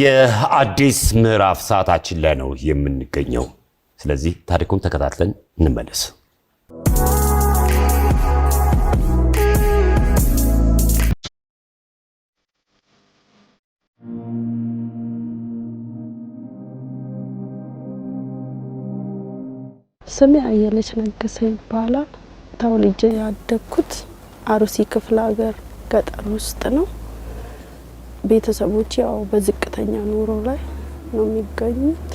የአዲስ ምዕራፍ ሰዓታችን ላይ ነው የምንገኘው። ስለዚህ ታሪኩን ተከታትለን እንመለስ። ስሜ አየለች ነገሰ ይባላል። ተወልጄ ያደግኩት አሩሲ ክፍለ ሀገር ገጠር ውስጥ ነው። ቤተሰቦች ያው በዝቅተኛ ኑሮ ላይ ነው የሚገኙት።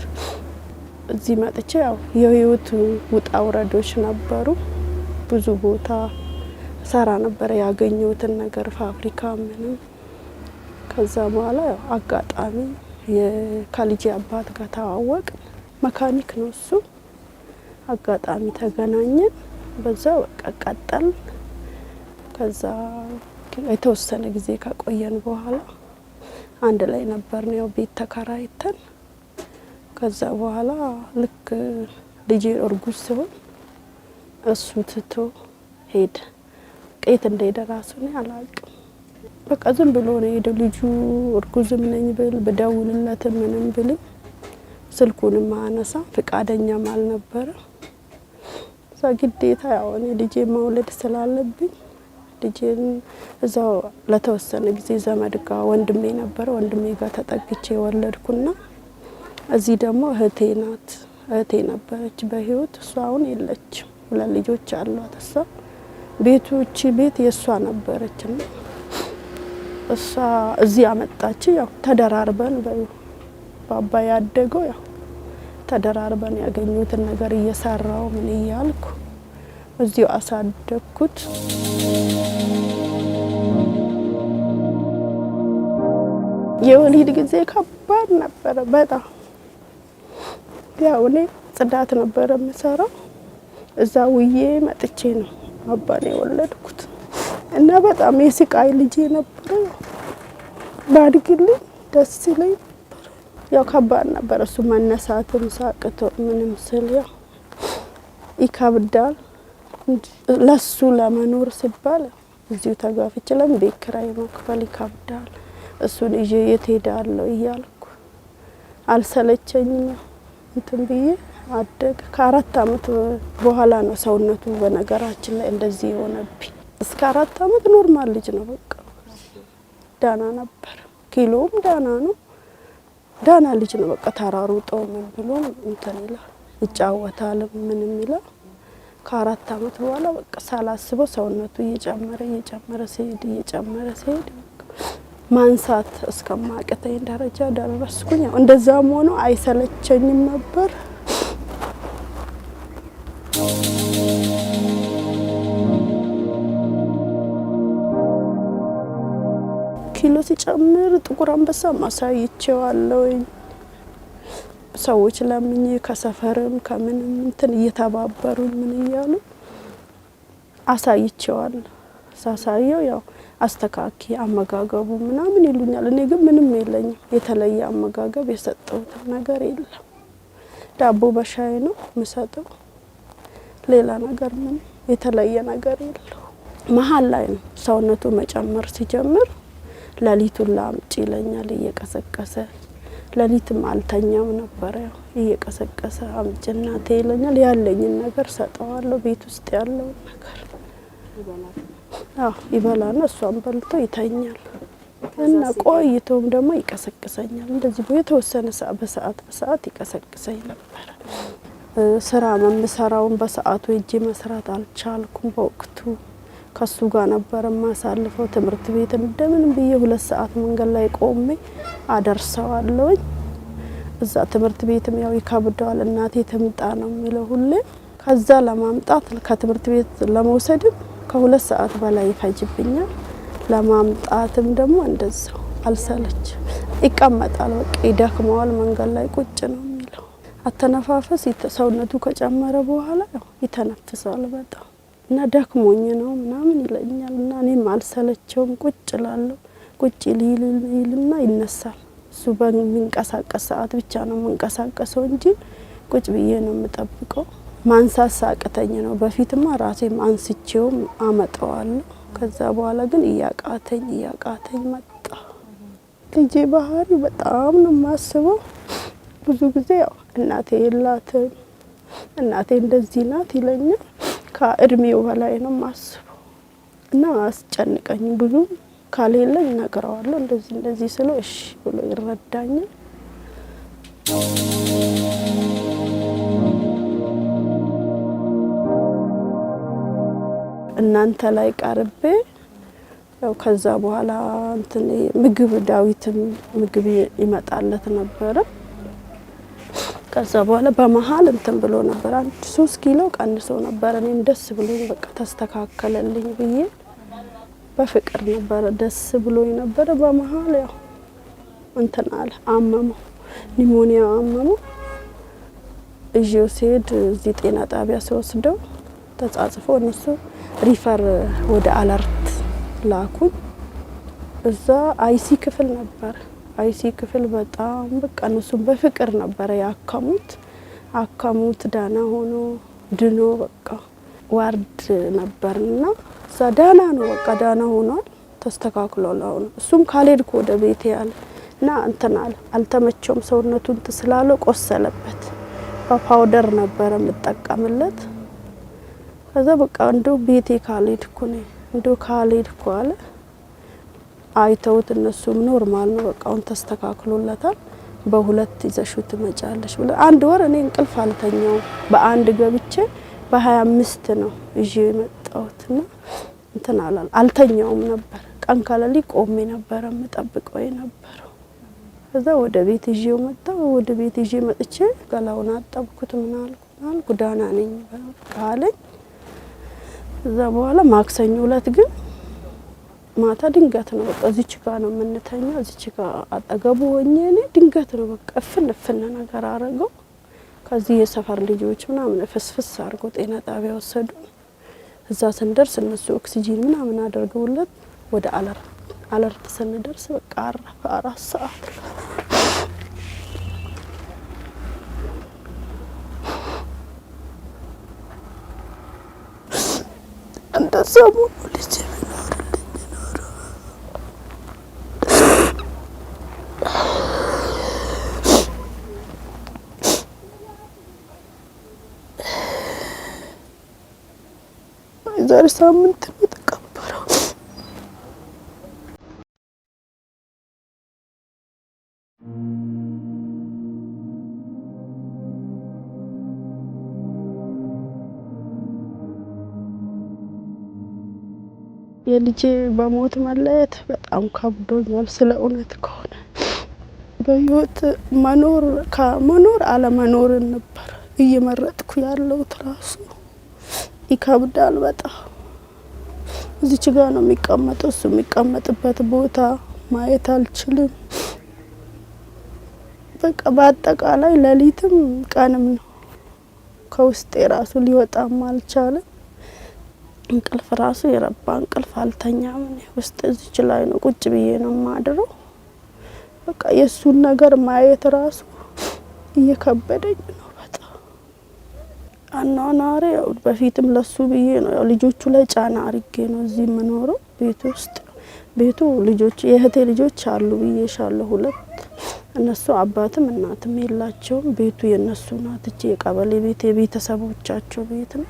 እዚህ መጥቼ ያው የህይወት ውጣ ውረዶች ነበሩ። ብዙ ቦታ ሰራ ነበረ ያገኘሁትን ነገር ፋብሪካ ምንም። ከዛ በኋላ ያው አጋጣሚ ከልጄ አባት ጋር ተዋወቅ። መካኒክ ነው እሱ። አጋጣሚ ተገናኘን። በዛ በቃ ቀጠል። ከዛ የተወሰነ ጊዜ ከቆየን በኋላ አንድ ላይ ነበር ነው ያው ቤት ተከራይተን ከዛ በኋላ ልክ ልጄ እርጉዝ ሲሆን እሱ ትቶ ሄደ። ቄት እንደሄደ ራሱ ነው አላውቅም። በቃ ዝም ብሎ ነው ሄደ። ልጁ እርጉዝም ነኝ ብል ብደውልለትም ምንም ብልም ስልኩንም አነሳ ፍቃደኛም አልነበረ። እዛ ግዴታ ያው እኔ ልጄ መውለድ ስላለብኝ ልጅን እዛው ለተወሰነ ጊዜ ዘመድ ጋ ወንድሜ ነበረ ወንድሜ ጋር ተጠግቼ የወለድኩና እዚህ ደግሞ እህቴ ናት እህቴ ነበረች በህይወት እሷ አሁን የለች ሁለት ልጆች አሏት እሷ ቤቱ እቺ ቤት የእሷ ነበረች ና እሷ እዚህ አመጣች። ያው ተደራርበን በአባ ያደገው ያው ተደራርበን ያገኙትን ነገር እየሰራው ምን እያልኩ እዚሁ አሳደግኩት። የወሊድ ጊዜ ከባድ ነበረ በጣም ያው እኔ ጽዳት ነበረ የምሰራው እዛ ውዬ መጥቼ ነው አባን የወለድኩት እና በጣም የስቃይ ልጅ ነበረ። ባድግልኝ ደስ ሲለኝ ያው ከባድ ነበረ እሱ መነሳትም ሳቅቶ ምንም ስል ያው ይከብዳል። እንጂ ለሱ ለመኖር ሲባል እዚሁ ተጋፍችለን ቤት ኪራይ መክፈል ይከብዳል። እሱን ይዤ የት ሄዳለሁ እያልኩ አልሰለቸኝም እንትን ብዬ አደግ ከአራት አመት በኋላ ነው ሰውነቱ በነገራችን ላይ እንደዚህ የሆነብኝ። እስከ አራት አመት ኖርማል ልጅ ነው በቃ ዳና ነበር። ኪሎም ዳና ነው ዳና ልጅ ነው በቃ ተራሩጦ ምን ብሎም እንትን ይላል ይጫወታልም ምንም ይላል ከአራት አመት በኋላ በቃ ሳላስበው ሰውነቱ እየጨመረ እየጨመረ ሲሄድ እየጨመረ ሲሄድ ማንሳት እስከማቀተኝ ደረጃ ደረስኩኝ። ያው እንደዛም ሆኖ አይሰለቸኝም ነበር። ኪሎ ሲጨምር ጥቁር አንበሳ ማሳይቼዋለሁኝ። ሰዎች ለምኝ ከሰፈርም ከምንም እንትን እየተባበሩ ምን እያሉ አሳይቼዋለሁ። ሳሳየው ያው አስተካኪ አመጋገቡ ምናምን ይሉኛል። እኔ ግን ምንም የለኝም የተለየ አመጋገብ የሰጠሁት ነገር የለም። ዳቦ በሻይ ነው የምሰጠው። ሌላ ነገር ምን የተለየ ነገር የለው። መሀል ላይ ነው ሰውነቱ መጨመር ሲጀምር ሌሊቱን ላምጭ ይለኛል እየቀሰቀሰ ለሊትም አልተኛም ነበረ። ያው እየቀሰቀሰ አምጪ እናቴ ይለኛል። ያለኝን ነገር ሰጠዋለሁ፣ ቤት ውስጥ ያለውን ነገር ይበላና እሷን በልቶ ይተኛል። እና ቆይቶም ደግሞ ይቀሰቅሰኛል። እንደዚህ የተወሰነ ሰዓት በሰዓት በሰዓት ይቀሰቅሰኝ ነበረ። ስራ መምሰራውን በሰዓቱ እጅ መስራት አልቻልኩም በወቅቱ ከሱ ጋር ነበር የማሳልፈው። ትምህርት ቤት እንደምንም ብዬ ሁለት ሰዓት መንገድ ላይ ቆሜ አደርሰዋለሁኝ። እዛ ትምህርት ቤትም ያው ይከብደዋል፣ እናቴ ትምጣ ነው የሚለው ሁሌ። ከዛ ለማምጣት ከትምህርት ቤት ለመውሰድም ከሁለት ሰዓት በላይ ይፈጅብኛል። ለማምጣትም ደግሞ እንደዛው አልሰለች፣ ይቀመጣል፣ በቃ ይደክመዋል። መንገድ ላይ ቁጭ ነው የሚለው። አተነፋፈስ ሰውነቱ ከጨመረ በኋላ ያው ይተነፍሳል በጣም እና ደክሞኝ ነው ምናምን ይለኛል እና እኔም አልሰለቸውም ቁጭ ላለሁ ቁጭ ይልና ይነሳል። እሱ በሚንቀሳቀስ ሰዓት ብቻ ነው የምንቀሳቀሰው እንጂ ቁጭ ብዬ ነው የምጠብቀው። ማንሳት ሳቅተኝ ነው። በፊትማ ራሴም አንስቼውም አመጣዋለሁ። ከዛ በኋላ ግን እያቃተኝ እያቃተኝ መጣ። ልጄ ባህሪ በጣም ነው የማስበው። ብዙ ጊዜ ያው እናቴ የላትም እናቴ እንደዚህ ናት ይለኛል ከእድሜው በላይ ነው ማስበው እና አስጨንቀኝ ብዙ ካልሄለኝ እነግረዋለሁ እንደዚህ እንደዚህ ስለ እሺ ብሎ ይረዳኛል። እናንተ ላይ ቀርቤ ያው ከዛ በኋላ እንትን ምግብ ዳዊትም ምግብ ይመጣለት ነበረ። ከዛ በኋላ በመሀል እንትን ብሎ ነበር አንድ ሶስት ኪሎ ቀንሶ ነበር። እኔም ደስ ብሎኝ በቃ ተስተካከለልኝ ብዬ በፍቅር ነበረ ደስ ብሎኝ ነበረ። በመሀል ያው እንትን አለ አመመው፣ ኒሞኒያ አመመው። እዚው ሲሄድ እዚህ ጤና ጣቢያ ሲወስደው ተጻጽፎ እነሱ ሪፈር ወደ አለርት ላኩኝ። እዛ አይሲ ክፍል ነበር አይሲ ክፍል በጣም በቃ እነሱም በፍቅር ነበረ ያከሙት። አከሙት ዳና ሆኖ ድኖ በቃ ዋርድ ነበርና እዛ ነው በቃ ዳና ሆኗል። ተስተካክሏል። አሁን እሱም ካልሄድኩ ወደ ቤት ያለ እና እንትን አለ አልተመቸውም። ሰውነቱን ስላለ ቆሰለበት። ፓውደር ነበረ የምጠቀምለት። ከዛ በቃ እንዶ ቤቴ ካልሄድኩ ነው እንዶ ካልሄድኩ አለ አይተውት እነሱም ኖርማል ነው በቃውን ተስተካክሎለታል፣ በሁለት ይዘሽው ትመጫለሽ ብለ አንድ ወር እኔ እንቅልፍ አልተኛው በአንድ ገብቼ በሀያ አምስት ነው ይዤ ና እንትን አላል አልተኛውም ነበር። ቀን ከሌሊት ቆሜ ነበረ የምጠብቀው የነበረው። ከዛ ወደ ቤት ይዤው መጣሁ። ወደ ቤት ይዤ መጥቼ ገላውን አጠብኩት። ምን አልኩናል ጉዳና ነኝ በቃ አለኝ። ከዛ በኋላ ማክሰኞ እለት ግን ማታ ድንገት ነው በቃ እዚች ጋ ነው የምንተኛው። እዚች ጋ አጠገቡ ሆኜ እኔ ድንገት ነው በቃ እፍን እፍን ነገር አረገው። ከዚህ የሰፈር ልጆች ምናምን ፍስፍስ አድርጎ ጤና ጣቢያ ወሰዱ። እዛ ስንደርስ እነሱ ኦክሲጂን ምናምን አደርገውለት ወደ አለርት አለርት ስንደርስ በቃ አረፈ አራት ሰዓት እንደዛ ሙሉ ልጅ የዛሬ ሳምንት ነው የተቀበረው። የልጄ በሞት መለየት በጣም ከብዶኛል። ስለ እውነት ከሆነ በህይወት መኖር ከመኖር አለመኖርን ነበር እየመረጥኩ ያለሁት ራሱ ይከብዳል በጣም። እዚች ጋር ነው የሚቀመጠው። እሱ የሚቀመጥበት ቦታ ማየት አልችልም። በቃ በአጠቃላይ ሌሊትም ቀንም ነው ከውስጥ የራሱ ሊወጣም አልቻለም። እንቅልፍ ራሱ የረባ እንቅልፍ አልተኛም። ውስጥ እዚች ላይ ነው ቁጭ ብዬ ነው ማድረው። በቃ የእሱን ነገር ማየት ራሱ እየከበደኝ ነው። አኗኗሪ ያው በፊትም ለሱ ብዬ ነው ያው ልጆቹ ላይ ጫና አርጌ ነው እዚህ የምኖረው ቤት ውስጥ ቤቱ ልጆች የእህቴ ልጆች አሉ ብዬ ብዬሻለሁ ሁለት እነሱ አባትም እናትም የላቸውም ቤቱ የእነሱ ናትቼ የቀበሌ ቤት የቤተሰቦቻቸው ቤት ነው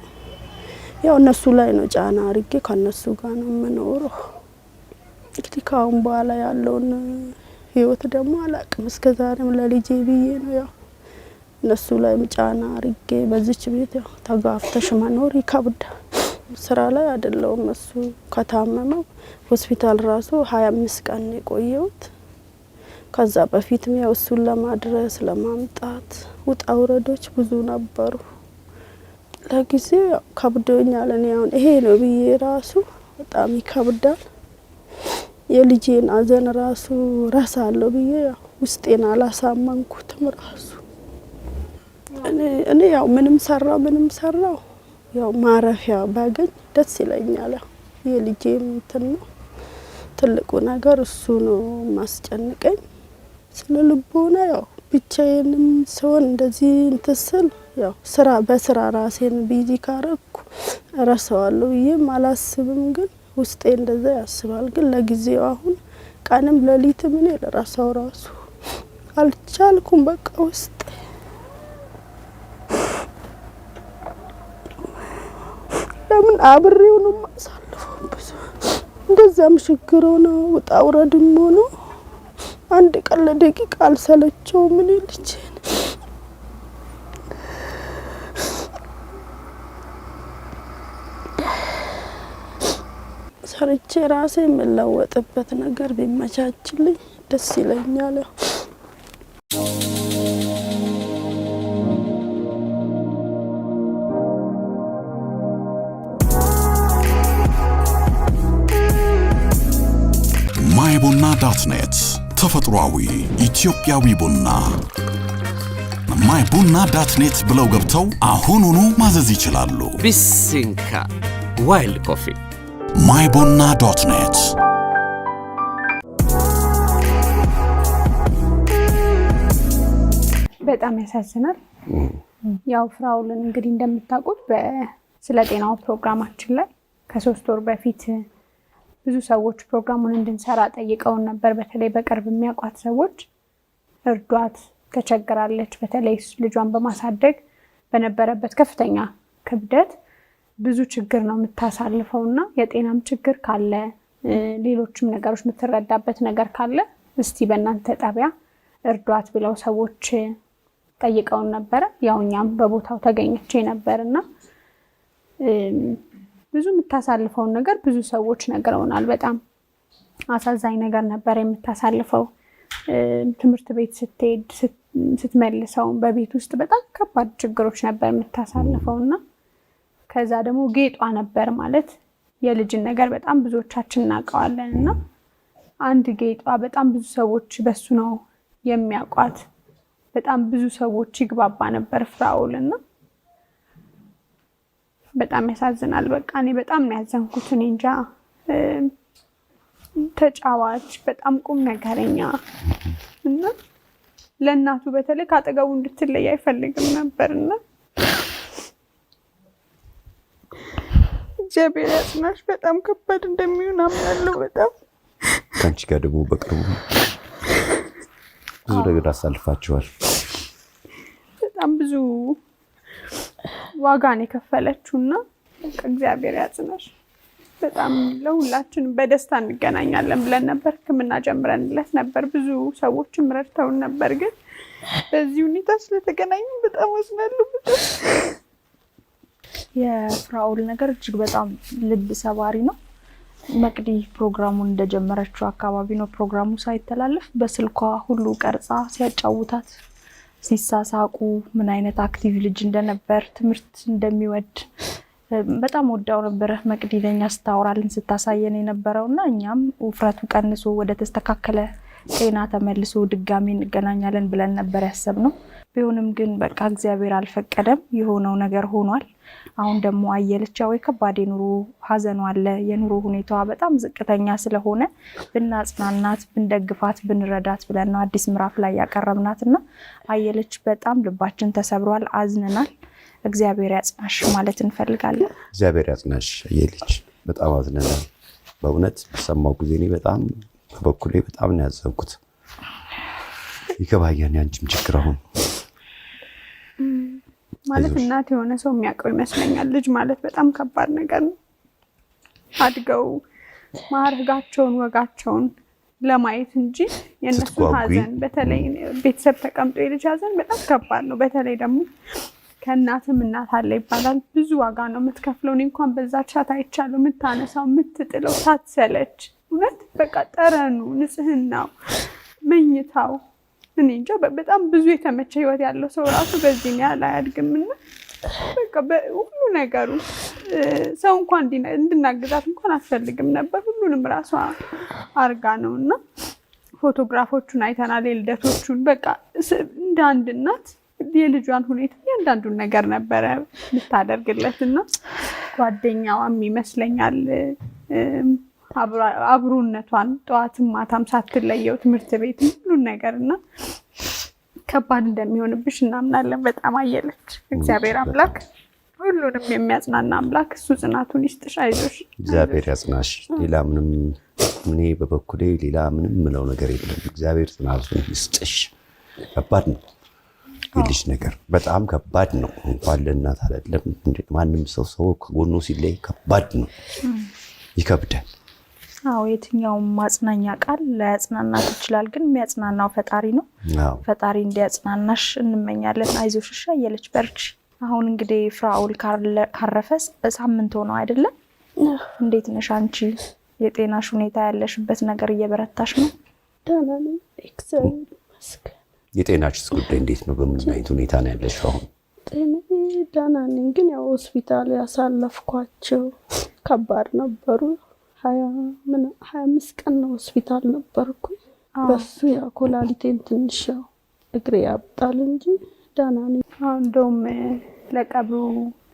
ያው እነሱ ላይ ነው ጫና አርጌ ከእነሱ ጋር ነው የምኖረው እንግዲህ ካሁን በኋላ ያለውን ህይወት ደግሞ አላቅም እስከ ዛሬም ለልጄ ብዬ ነው ያው እነሱ ላይም ጫና አርጌ በዚች ቤት ያው ተጋፍተሽ መኖር ይከብዳል። ስራ ላይ አይደለውም እሱ ከታመመው ሆስፒታል ራሱ ሀያ አምስት ቀን የቆየሁት ከዛ በፊትም ያው እሱን ለማድረስ ለማምጣት ውጣ ውረዶች ብዙ ነበሩ። ለጊዜ ከብዶኛል። እኔ አሁን ይሄ ነው ብዬ ራሱ በጣም ይከብዳል። የልጄን አዘን ራሱ ረሳለሁ ብዬ ውስጤን አላሳመንኩትም ራሱ እኔ ያው ምንም ሰራው ምንም ሰራው ያው ማረፊያ ባገኝ ደስ ይለኛል። የልጄ እንትን ነው ትልቁ ነገር እሱ ነው ማስጨንቀኝ። ስለ ልቦና ያው ብቻዬንም ሲሆን እንደዚህ እንትን ስል ያው ስራ በስራ ራሴን ቢዚ ካረኩ እረሳዋለሁ ብዬም አላስብም፣ ግን ውስጤ እንደዛ ያስባል። ግን ለጊዜው አሁን ቀንም ለሊት እኔ ለራሳው ራሱ አልቻልኩም። በቃ ውስጤ ምናምን አብሬው ነው የማሳልፈው። ብዙ እንደዛም ችግር ሆነ ውጣ ውረድም ሆነ አንድ ቀን ለደቂቃ አልሰለቸው ምን ልችን ሰርቼ ራሴ የምለወጥበት ነገር ቢመቻችልኝ ደስ ይለኛል። ተፈጥሯዊ ኢትዮጵያዊ ቡና ማይ ቡና ዳት ኔት ብለው ገብተው አሁኑኑ ማዘዝ ይችላሉ። ቢሲንካ ዋይልድ ኮፊ ማይ ቡና ዶት ኔት በጣም ያሳዝናል። ያው ፍራውልን እንግዲህ እንደምታውቁት ስለ ጤናው ፕሮግራማችን ላይ ከሶስት ወር በፊት ብዙ ሰዎች ፕሮግራሙን እንድንሰራ ጠይቀውን ነበር። በተለይ በቅርብ የሚያውቋት ሰዎች እርዷት፣ ተቸግራለች። በተለይ ልጇን በማሳደግ በነበረበት ከፍተኛ ክብደት ብዙ ችግር ነው የምታሳልፈው እና የጤናም ችግር ካለ ሌሎችም ነገሮች የምትረዳበት ነገር ካለ እስቲ በእናንተ ጣቢያ እርዷት ብለው ሰዎች ጠይቀውን ነበረ። ያው እኛም በቦታው ተገኘች ነበር እና ብዙ የምታሳልፈውን ነገር ብዙ ሰዎች ነግረውናል። በጣም አሳዛኝ ነገር ነበር የምታሳልፈው። ትምህርት ቤት ስትሄድ ስትመልሰው፣ በቤት ውስጥ በጣም ከባድ ችግሮች ነበር የምታሳልፈው እና ከዛ ደግሞ ጌጧ ነበር ማለት የልጅን ነገር በጣም ብዙዎቻችን እናውቀዋለን እና አንድ ጌጧ በጣም ብዙ ሰዎች በሱ ነው የሚያውቋት። በጣም ብዙ ሰዎች ይግባባ ነበር ፍራውል። እና በጣም ያሳዝናል። በቃ እኔ በጣም ያዘንኩት እኔ እንጃ። ተጫዋች በጣም ቁም ነገረኛ እና ለእናቱ በተለይ ከአጠገቡ እንድትለይ አይፈልግም ነበር እና እግዚአብሔር ያጽናሽ። በጣም ከባድ እንደሚሆን አምናለሁ። በጣም ከአንቺ ጋር ደግሞ በቅርቡ ብዙ ነገር አሳልፋችኋል። በጣም ብዙ ዋጋን የከፈለችው እና እግዚአብሔር ያጽናሽ። በጣም ለሁላችንም በደስታ እንገናኛለን ብለን ነበር። ሕክምና ጀምረንለት ነበር። ብዙ ሰዎችም ረድተውን ነበር። ግን በዚህ ሁኔታ ስለተገናኙ በጣም ወስናሉ። የፍራኦል ነገር እጅግ በጣም ልብ ሰባሪ ነው። መቅዲ ፕሮግራሙን እንደጀመረችው አካባቢ ነው ፕሮግራሙ ሳይተላለፍ በስልኳ ሁሉ ቀርጻ ሲያጫውታት ሲሳሳቁ ምን አይነት አክቲቭ ልጅ እንደነበር ትምህርት እንደሚወድ በጣም ወዳው ነበረ። መቅዲ ለኛ ስታወራልን ስታሳየን የነበረው እና እኛም ውፍረቱ ቀንሶ ወደ ተስተካከለ ጤና ተመልሶ ድጋሚ እንገናኛለን ብለን ነበር ያሰብነው። ቢሆንም ግን በቃ እግዚአብሔር አልፈቀደም፣ የሆነው ነገር ሆኗል። አሁን ደግሞ አየለች ወይ ከባድ የኑሮ ሀዘኗ አለ። የኑሮ ሁኔታዋ በጣም ዝቅተኛ ስለሆነ ብናጽናናት፣ ብንደግፋት፣ ብንረዳት ብለን ነው አዲስ ምዕራፍ ላይ ያቀረብናት እና አየለች በጣም ልባችን ተሰብሯል፣ አዝነናል። እግዚአብሔር ያጽናሽ ማለት እንፈልጋለን። እግዚአብሔር ያጽናሽ አየለች፣ በጣም አዝነናል። በእውነት በሰማው ጊዜ እኔ በጣም በበኩሌ በጣም ነው ያዘንኩት። ይገባኛል። ያንቺም ችግር አሁን ማለት እናት የሆነ ሰው የሚያውቀው ይመስለኛል። ልጅ ማለት በጣም ከባድ ነገር ነው። አድገው ማረጋቸውን ወጋቸውን ለማየት እንጂ የነሱ ሐዘን በተለይ ቤተሰብ ተቀምጦ የልጅ ሐዘን በጣም ከባድ ነው። በተለይ ደግሞ ከእናትም እናት አለ ይባላል። ብዙ ዋጋ ነው የምትከፍለው። እኔ እንኳን በዛ ቻት አይቻለሁ። የምታነሳው የምትጥለው ሳትሰለች እውነት በቃ ጠረኑ፣ ንጽህናው፣ መኝታው እኔ እንጃ በጣም ብዙ የተመቸ ህይወት ያለው ሰው ራሱ በዚህ ኒያ ላይ እና በቃ ሁሉ ነገሩ ሰው እንኳን እንድናግዛት እንኳን አትፈልግም ነበር። ሁሉንም ራሷ አርጋ ነው እና ፎቶግራፎቹን አይተናል፣ የልደቶቹን በቃ እንደ አንድ እናት የልጇን ሁኔታ እያንዳንዱን ነገር ነበረ የምታደርግለት እና ጓደኛዋም ይመስለኛል አብሮነቷን ጠዋትም ማታም ሳትለየው ትምህርት ቤት ሁሉን ነገር እና ከባድ እንደሚሆንብሽ እናምናለን። በጣም አየለች። እግዚአብሔር አምላክ ሁሉንም የሚያጽናና አምላክ እሱ ጽናቱን ይስጥሽ፣ አይዞሽ። እግዚአብሔር ያጽናሽ። ሌላ ምንም እኔ በበኩሌ ሌላ ምንም ምለው ነገር የለም። እግዚአብሔር ጽናቱን ይስጥሽ። ከባድ ነው የልጅ ነገር በጣም ከባድ ነው። እንኳን ለእናት አይደለም ማንም ሰው ሰው ከጎኑ ሲለይ ከባድ ነው፣ ይከብዳል። አዎ የትኛውም ማጽናኛ ቃል ላያጽናናት ይችላል፣ ግን የሚያጽናናው ፈጣሪ ነው። ፈጣሪ እንዲያጽናናሽ እንመኛለን። አይዞሽ እሺ አየለች በርቺ። አሁን እንግዲህ ፍራኦል ካረፈ ሳምንት ሆነው አይደለም? እንዴት ነሽ አንቺ? የጤናሽ ሁኔታ ያለሽበት ነገር እየበረታሽ ነው? የጤናችስ ጉዳይ እንዴት ነው? በምን አይነት ሁኔታ ነው ያለሽ አሁን? ደህና ነኝ፣ ግን ያው ሆስፒታል ያሳለፍኳቸው ከባድ ነበሩ። ሀያ አምስት ቀን ነው ሆስፒታል ነበርኩ። በሱ ያ ኮላሊቴን ትንሽ ያው እግሬ ያብጣል እንጂ ደህና ነኝ። እንደውም ለቀብሩ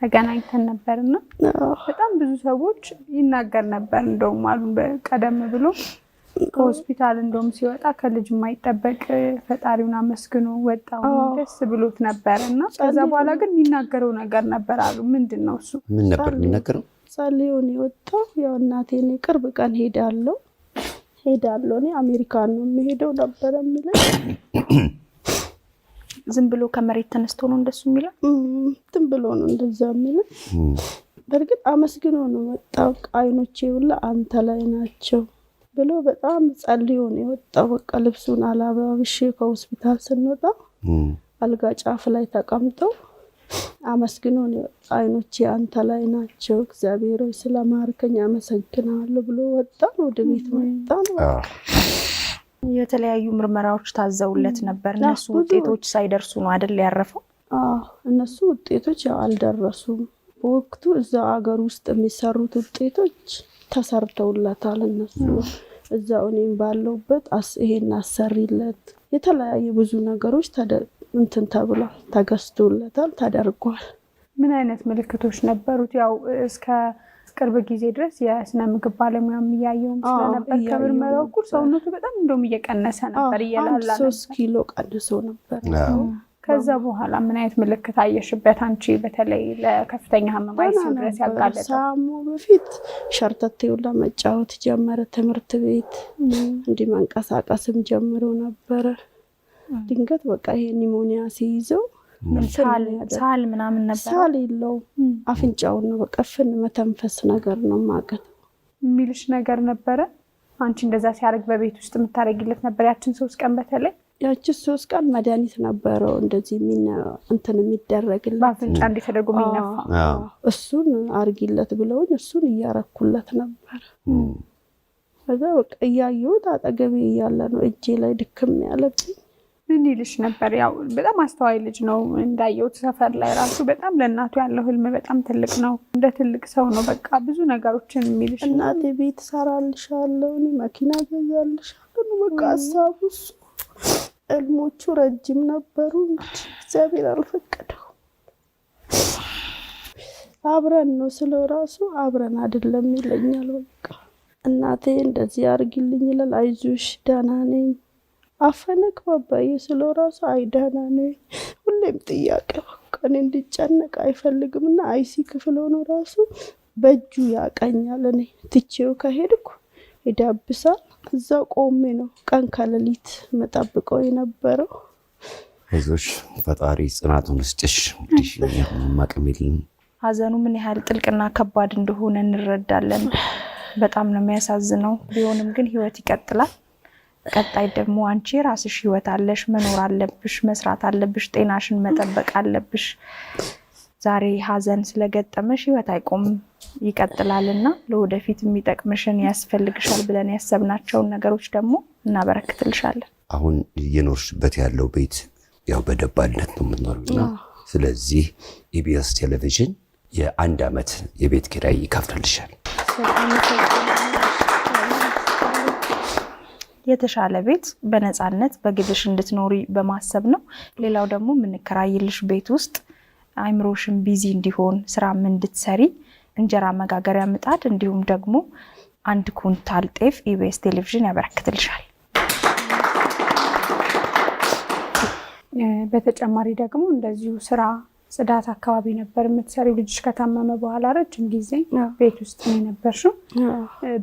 ተገናኝተን ነበርና በጣም ብዙ ሰዎች ይናገር ነበር። እንደውም አሉ ቀደም ብሎ ከሆስፒታል እንደውም ሲወጣ ከልጅ የማይጠበቅ ፈጣሪውን አመስግኖ ወጣው ደስ ብሎት ነበር እና ከዛ በኋላ ግን የሚናገረው ነገር ነበር አሉ። ምንድን ነው እሱ? ምን ነበር የሚናገረው? ሳልሆን የወጣው ያው እናቴን ቅርብ ቀን ሄዳለው ሄዳለው እኔ አሜሪካ ነው የሚሄደው ነበረ የሚለ ዝም ብሎ ከመሬት ተነስቶ ነው እንደሱ የሚለ ትም ብሎ ነው እንደዛ የሚለ በእርግጥ አመስግኖ ነው መጣው። አይኖቼ ሁላ አንተ ላይ ናቸው ብሎ በጣም ጸልዮ ነው የወጣው። በቃ ልብሱን አላባብሼ ከሆስፒታል ስንወጣ አልጋ ጫፍ ላይ ተቀምጠው አመስግኖ አይኖች አንተ ላይ ናቸው እግዚአብሔር ሆይ ስለማርከኝ አመሰግናለሁ ብሎ ነው፣ ወደ ቤት ነው። የተለያዩ ምርመራዎች ታዘውለት ነበር። እነሱ ውጤቶች ሳይደርሱ ነው አይደል ያረፈው? እነሱ ውጤቶች ያው አልደረሱም። በወቅቱ እዛ አገር ውስጥ የሚሰሩት ውጤቶች ተሰርተውለታል። እነሱ እዛ እኔም ባለውበት ይሄን አሰሪለት የተለያዩ ብዙ ነገሮች እንትን ተብሏል፣ ተገዝቶለታል፣ ተደርጓል። ምን አይነት ምልክቶች ነበሩት? ያው እስከ ቅርብ ጊዜ ድረስ የስነ ምግብ ባለሙያ እያየውም ስለነበር ከምርመራው እኩል ሰውነቱ በጣም እንደውም እየቀነሰ ነበር፣ እየላላ ሶስት ኪሎ ቀንሶ ነበር። ከዛ በኋላ ምን አይነት ምልክት አየሽበት አንቺ? በተለይ ለከፍተኛ ህመም ድረስ ያጋለጠ በፊት ሸርተቴ ሁላ መጫወት ጀመረ። ትምህርት ቤት እንዲህ መንቀሳቀስም ጀምሮ ነበረ። ድንገት በቃ ይሄ ኒሞኒያ ሲይዘው ሳል ምናምን ነበር። ሳል የለው አፍንጫውን ነው በቃ ፍን መተንፈስ ነገር ነው ማቀት የሚልሽ ነገር ነበረ። አንቺ እንደዛ ሲያደርግ በቤት ውስጥ የምታደርጊለት ነበር? ያችን ሶስት ቀን በተለይ ያችን ሶስት ቀን መድኃኒት ነበረው እንደዚህ እንትን የሚደረግለት በአፍንጫ እንዲህ ተደርጎ የሚነፋ እሱን አርጊለት ብለውኝ እሱን እያረኩለት ነበር። ከዛ በቃ እያየሁት አጠገቤ እያለ ነው እጄ ላይ ድክም ያለብኝ ምን ይልሽ ነበር? ያው በጣም አስተዋይ ልጅ ነው እንዳየሁት፣ ሰፈር ላይ ራሱ በጣም ለእናቱ ያለው ህልም በጣም ትልቅ ነው። እንደ ትልቅ ሰው ነው በቃ ብዙ ነገሮችን የሚልሽ። እናቴ ቤት እሰራልሻለሁ፣ እኔ መኪና እገዛልሻለሁ፣ በቃ ሀሳቡ እሱ። እልሞቹ ረጅም ነበሩ እንጂ እግዚአብሔር አልፈቀደው። አብረን ነው ስለው ራሱ አብረን አይደለም ይለኛል። በቃ እናቴ እንደዚህ አርግልኝ ይላል። አይዞሽ ደህና ነኝ አፈነክ ባባዬ ስለ ራሱ አይዳና ነው ሁሌም ጥያቄ ቀን እንዲጨነቅ አይፈልግም እና አይሲ ክፍል ሆኖ ራሱ በእጁ ያቀኛል። እኔ ትቼው ከሄድኩ ይዳብሳል። እዛው ቆሜ ነው ቀን ከሌሊት መጠብቀው የነበረው። አይዞሽ ፈጣሪ ጽናቱን ስጭሽ። ማቅሜልን ሀዘኑ ምን ያህል ጥልቅና ከባድ እንደሆነ እንረዳለን። በጣም ነው የሚያሳዝነው። ቢሆንም ግን ህይወት ይቀጥላል። ቀጣይ ደግሞ አንቺ ራስሽ ህይወት አለሽ፣ መኖር አለብሽ፣ መስራት አለብሽ፣ ጤናሽን መጠበቅ አለብሽ። ዛሬ ሀዘን ስለገጠመሽ ህይወት አይቆምም ይቀጥላል እና ለወደፊት የሚጠቅምሽን ያስፈልግሻል ብለን ያሰብናቸውን ነገሮች ደግሞ እናበረክትልሻለን። አሁን እየኖርሽበት ያለው ቤት ያው በደባልነት ነው የምትኖረው ስለዚህ ኢቢኤስ ቴሌቪዥን የአንድ ዓመት የቤት ኪራይ ይከፍልልሻል። የተሻለ ቤት በነፃነት በግልሽ እንድትኖሪ በማሰብ ነው። ሌላው ደግሞ የምንከራይልሽ ቤት ውስጥ አይምሮሽን ቢዚ እንዲሆን ስራም እንድትሰሪ እንጀራ መጋገሪያ ምጣድ እንዲሁም ደግሞ አንድ ኩንታል ጤፍ ኢቢኤስ ቴሌቪዥን ያበረክትልሻል። በተጨማሪ ደግሞ እንደዚሁ ስራ ጽዳት አካባቢ ነበር የምትሰሪው። ልጅሽ ከታመመ በኋላ ረጅም ጊዜ ቤት ውስጥ ነው የነበርሽው።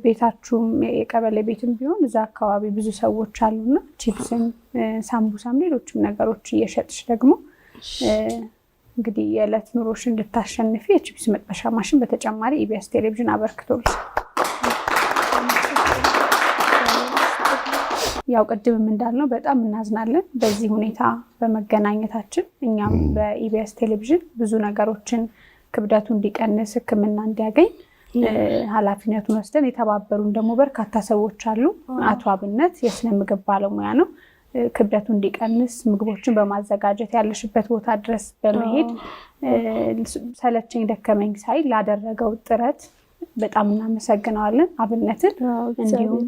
ቤታችሁም የቀበሌ ቤትም ቢሆን እዛ አካባቢ ብዙ ሰዎች አሉና ቺፕስም፣ ሳምቡሳም ሌሎችም ነገሮች እየሸጥሽ ደግሞ እንግዲህ የዕለት ኑሮሽ እንድታሸንፊ የቺፕስ መጥበሻ ማሽን በተጨማሪ ኢቢኤስ ቴሌቪዥን አበርክቶልሻል። ያው ቅድምም እንዳልነው በጣም እናዝናለን በዚህ ሁኔታ በመገናኘታችን። እኛም በኢቢኤስ ቴሌቪዥን ብዙ ነገሮችን ክብደቱ እንዲቀንስ ሕክምና እንዲያገኝ ኃላፊነቱን ወስደን የተባበሩን ደግሞ በርካታ ሰዎች አሉ። አቶ አብነት የስነ ምግብ ባለሙያ ነው። ክብደቱ እንዲቀንስ ምግቦችን በማዘጋጀት ያለሽበት ቦታ ድረስ በመሄድ ሰለቸኝ ደከመኝ ሳይል ላደረገው ጥረት በጣም እናመሰግነዋለን አብነትን እንዲሁም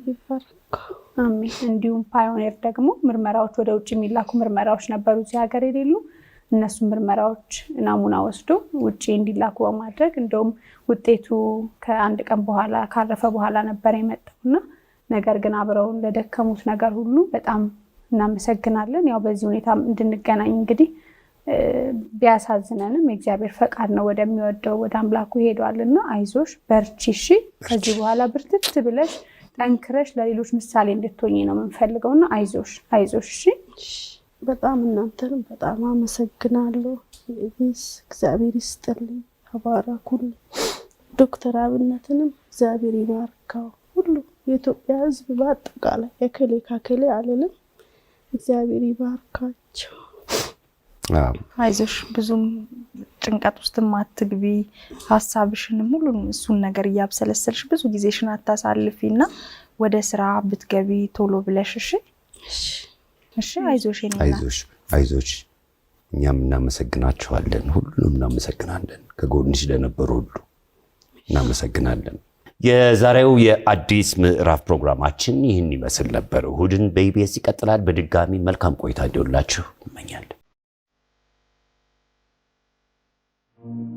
እንዲሁም ፓዮኔር ደግሞ ምርመራዎች ወደ ውጭ የሚላኩ ምርመራዎች ነበሩ እዚህ ሀገር የሌሉ እነሱ ምርመራዎች ናሙና ወስዶ ውጭ እንዲላኩ በማድረግ እንደውም ውጤቱ ከአንድ ቀን በኋላ ካረፈ በኋላ ነበር የመጣውና ነገር ግን አብረውን ለደከሙት ነገር ሁሉ በጣም እናመሰግናለን። ያው በዚህ ሁኔታ እንድንገናኝ እንግዲህ ቢያሳዝነንም የእግዚአብሔር ፈቃድ ነው። ወደሚወደው ወደ አምላኩ ይሄዷልና አይዞሽ፣ በርቺ። እሺ ከዚህ በኋላ ብርትት ብለሽ ጠንክረሽ ለሌሎች ምሳሌ እንድትሆኝ ነው የምንፈልገው። ና አይዞሽ አይዞሽ። እሺ በጣም እናንተንም በጣም አመሰግናለሁ። ስ እግዚአብሔር ይስጥልኝ፣ አባራኩልኝ። ዶክተር አብነትንም እግዚአብሔር ይባርካው። ሁሉ የኢትዮጵያ ሕዝብ በአጠቃላይ የከሌ ካከሌ አልልም። እግዚአብሔር ይባርካቸው። አይዞሽ ብዙም ጭንቀት ውስጥም አትግቢ፣ ሀሳብሽንም ሁሉንም እሱን ነገር እያብሰለሰልሽ ብዙ ጊዜሽን አታሳልፊ እና ወደ ስራ ብትገቢ ቶሎ ብለሽ። እሺ፣ እሺ፣ አይዞሽ፣ አይዞሽ፣ አይዞሽ። እኛም እናመሰግናቸዋለን፣ ሁሉንም እናመሰግናለን። ከጎንሽ ለነበሩ ሁሉ እናመሰግናለን። የዛሬው የአዲስ ምዕራፍ ፕሮግራማችን ይህን ይመስል ነበር። እሁድን በኢቢኤስ ይቀጥላል። በድጋሚ መልካም ቆይታ እንዲሆንላችሁ እመኛለሁ። Thank you.